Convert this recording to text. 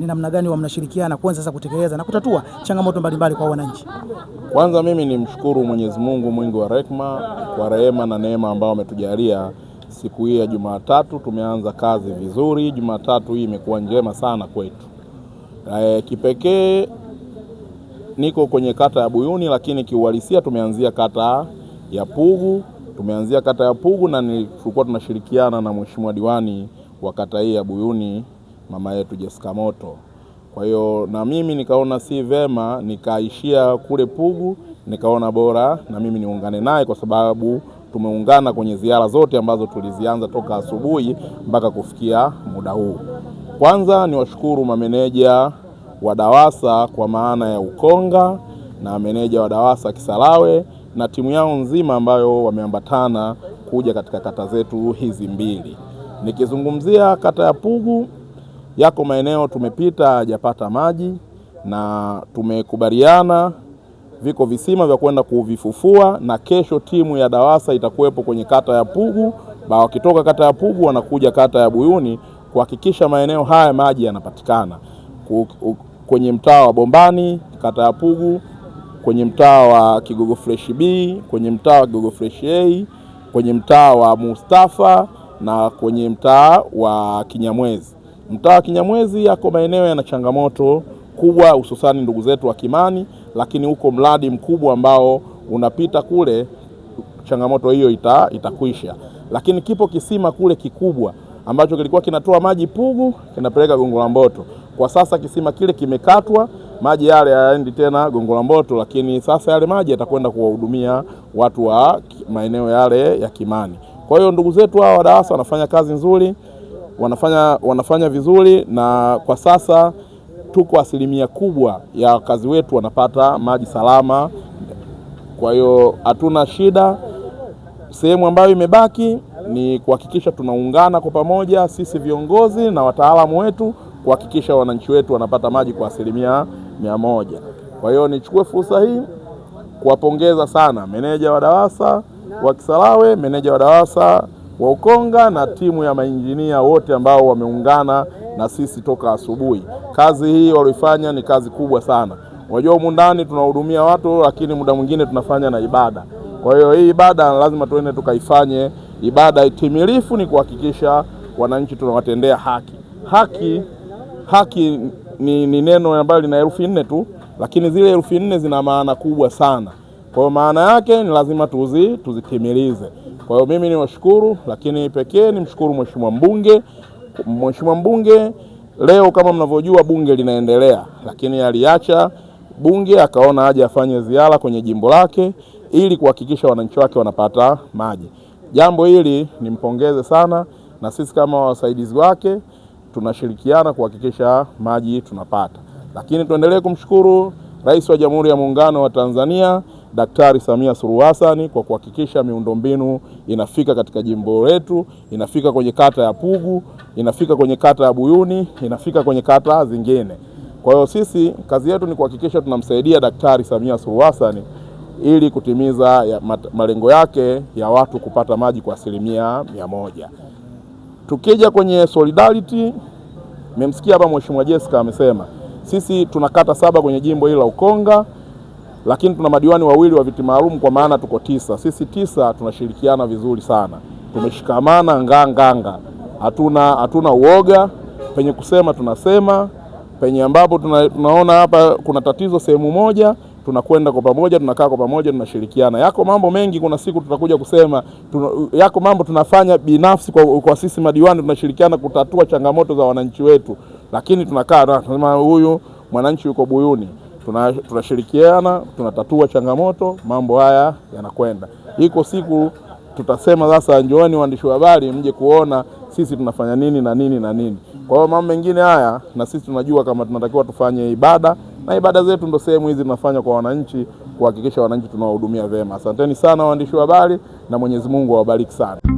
Ni namna gani wa mnashirikiana kwanza sasa kutekeleza na kutatua changamoto mbalimbali kwa wananchi? Kwanza mimi ni mshukuru Mwenyezi Mungu mwingi wa rehema kwa rehema na neema ambayo ametujalia siku hii ya Jumatatu. Tumeanza kazi vizuri, Jumatatu hii imekuwa njema sana kwetu. E, kipekee niko kwenye kata ya Buyuni, lakini kiuhalisia tumeanzia kata ya Pugu, tumeanzia kata ya Pugu na tulikuwa tunashirikiana na mheshimiwa diwani wa kata hii ya Buyuni mama yetu Jessica Moto. Kwa hiyo na mimi nikaona si vema nikaishia kule Pugu, nikaona bora na mimi niungane naye kwa sababu tumeungana kwenye ziara zote ambazo tulizianza toka asubuhi mpaka kufikia muda huu. Kwanza ni washukuru mameneja wa DAWASA kwa maana ya Ukonga na meneja wa DAWASA Kisarawe na timu yao nzima ambayo wameambatana kuja katika kata zetu hizi mbili. Nikizungumzia kata ya Pugu yako maeneo tumepita hajapata maji na tumekubaliana viko visima vya kwenda kuvifufua, na kesho timu ya DAWASA itakuwepo kwenye kata ya Pugu, ba wakitoka kata ya Pugu wanakuja kata ya Buyuni kuhakikisha maeneo haya maji yanapatikana kwenye mtaa wa Bombani, kata ya Pugu, kwenye mtaa wa Kigogo Fresh B, kwenye mtaa wa Kigogo Fresh A, kwenye mtaa wa Mustafa na kwenye mtaa wa Kinyamwezi. Mtaa wa Kinyamwezi yako maeneo yana changamoto kubwa, hususani ndugu zetu wa Kimani, lakini huko mradi mkubwa ambao unapita kule, changamoto hiyo ita, itakwisha. Lakini kipo kisima kule kikubwa ambacho kilikuwa kinatoa maji Pugu kinapeleka Gongo la Mboto. Kwa sasa kisima kile kimekatwa, maji yale hayaendi tena Gongo la Mboto, lakini sasa yale maji yatakwenda kuwahudumia watu wa maeneo yale ya Kimani. Kwa hiyo ndugu zetu hawa wa DAWASA wanafanya kazi nzuri wanafanya, wanafanya vizuri na kwa sasa tuko asilimia kubwa ya wakazi wetu wanapata maji salama, kwa hiyo hatuna shida. Sehemu ambayo imebaki ni kuhakikisha tunaungana kwa pamoja sisi viongozi na wataalamu wetu kuhakikisha wananchi wetu wanapata maji kwa asilimia mia moja. Kwa hiyo nichukue fursa hii kuwapongeza sana meneja wa DAWASA wa Kisarawe, meneja wa DAWASA wa Ukonga na timu ya mainjinia wote ambao wameungana na sisi toka asubuhi. Kazi hii walioifanya ni kazi kubwa sana. Unajua, humu ndani tunahudumia watu, lakini muda mwingine tunafanya na ibada. Kwa hiyo hii ibada lazima tuende tukaifanye ibada itimilifu, ni kuhakikisha wananchi tunawatendea haki. Haki, haki ni, ni neno ambalo lina herufi nne tu, lakini zile herufi nne zina maana kubwa sana. Kwa hiyo maana yake ni lazima tuzi tuzitimilize. Kwa hiyo mimi niwashukuru, lakini pekee nimshukuru mheshimiwa mbunge. Mheshimiwa mbunge leo, kama mnavyojua, bunge linaendelea, lakini aliacha bunge akaona aje afanye ziara kwenye jimbo lake ili kuhakikisha wananchi wake wanapata maji. Jambo hili nimpongeze sana, na sisi kama wasaidizi wake tunashirikiana kuhakikisha maji tunapata, lakini tuendelee kumshukuru Rais wa Jamhuri ya Muungano wa Tanzania Daktari Samia Suluhu Hassan kwa kuhakikisha miundombinu inafika katika jimbo letu, inafika kwenye kata ya Pugu, inafika kwenye kata ya Buyuni, inafika kwenye kata zingine. Kwa hiyo sisi kazi yetu ni kuhakikisha tunamsaidia Daktari Samia Suluhu Hassan ili kutimiza ya malengo yake ya watu kupata maji kwa asilimia mia moja. Tukija kwenye solidarity, mmemsikia hapa Mheshimiwa Jessica amesema sisi tuna kata saba kwenye jimbo hili la Ukonga lakini tuna madiwani wawili wa viti maalum, kwa maana tuko tisa. Sisi tisa tunashirikiana vizuri sana, tumeshikamana nganganga, hatuna hatuna uoga. Penye kusema tunasema, penye ambapo tuna, tunaona hapa kuna tatizo sehemu moja tunakwenda kwa pamoja, tunakaa kwa pamoja, tunashirikiana. Yako mambo mengi, kuna siku tutakuja kusema tuna, yako mambo tunafanya binafsi kwa, kwa sisi madiwani tunashirikiana kutatua changamoto za wananchi wetu, lakini tunakaa tunasema, huyu mwananchi yuko Buyuni tunashirikiana, tunatatua changamoto, mambo haya yanakwenda. Iko siku tutasema sasa, njooni waandishi wa habari, mje kuona sisi tunafanya nini na nini na nini. Kwa hiyo mambo mengine haya, na sisi tunajua kama tunatakiwa tufanye ibada na ibada zetu ndo sehemu hizi tunafanya kwa wananchi, kuhakikisha wananchi tunawahudumia vema Asanteni sana waandishi wa habari, na Mwenyezi Mungu awabariki sana.